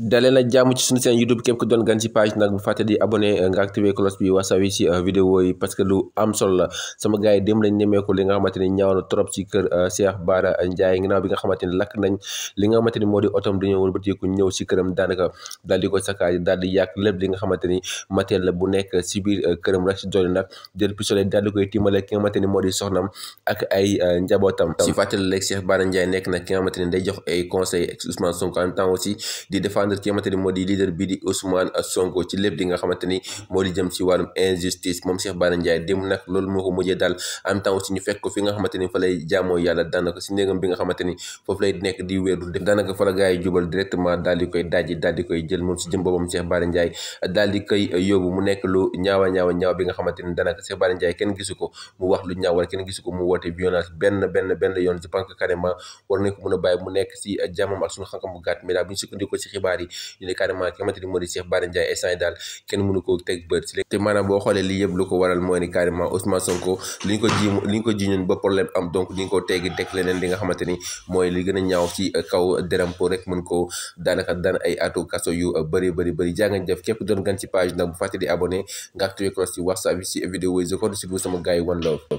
dalee na jàmm ci suñu seen youtube képp ku doon gan ci page nag bu fàtte di abonné eh, nga activé cloche bi wasawi ci eh, vidéo yi parce que lu am solo la sama gars yi dem lañ nemeeku li nga xamante ni ñaaw na trop ci kër eh, Cheikh Bara Ndiaye nga xamante ni lakk nañ li nga xamante ni moo di otom dañoo wër batiku ñëw ci këram daanaka daal di ko sakkaaj daal di yàq lépp li nga xamante ni matériel la bu nekk ci biir këram rek ci doole nag jël pistolet daal koy tiimale ki nga xamante ni moo di soxnam ak ay njabootam ci fàttali rek Cheikh Bara Ndiaye nekk nag ki nga xamante day jox ay conseil Ousmane Sonko en même aussi di défendre défendre ki nga xamante ni moo di leader bi bi nga xamante ni foofu lay nekk di wéeru def daanaka fa la gars yi jubal directement daal koy dajji daal di koy jël moom si jëm boobam Cheikh Bara Ndiaye daal di koy yóbbu mu nekk lu ñaawa ñaawa ñaaw bi nga xamante ni daanaka Cheikh Bara Ndiaye kenn gisu ko mu wax lu ñaaw wala kenn gisu ko mu woote violence benn benn benn yoon je pense que war nañ ko a bàyyi mu nekk si jàmmam ak suñu xam-xam bu gàtt mais daal bu ñu sukkandikoo si xibaar xibaar yi ñu ne carrément ki nga xamante ni moo di Cheikh Bara Ndiaye instant yi daal kenn mënu koo teg lu ko waral mooy ni carrément Ousmane Sonko li ñu ko ji ba problème am donc li ñu ko teggi teg leneen li nga xamante mooy li gën a ñaaw ci kaw deram rek mën koo daanaka daan ay atu kaso yu bëri bëri bëri jaa ngeen jëf képp doon gan ci page nag bu fàtte di abonné nga activé cloche ci WhatsApp ci vidéo yi je compte sur vous sama gars yi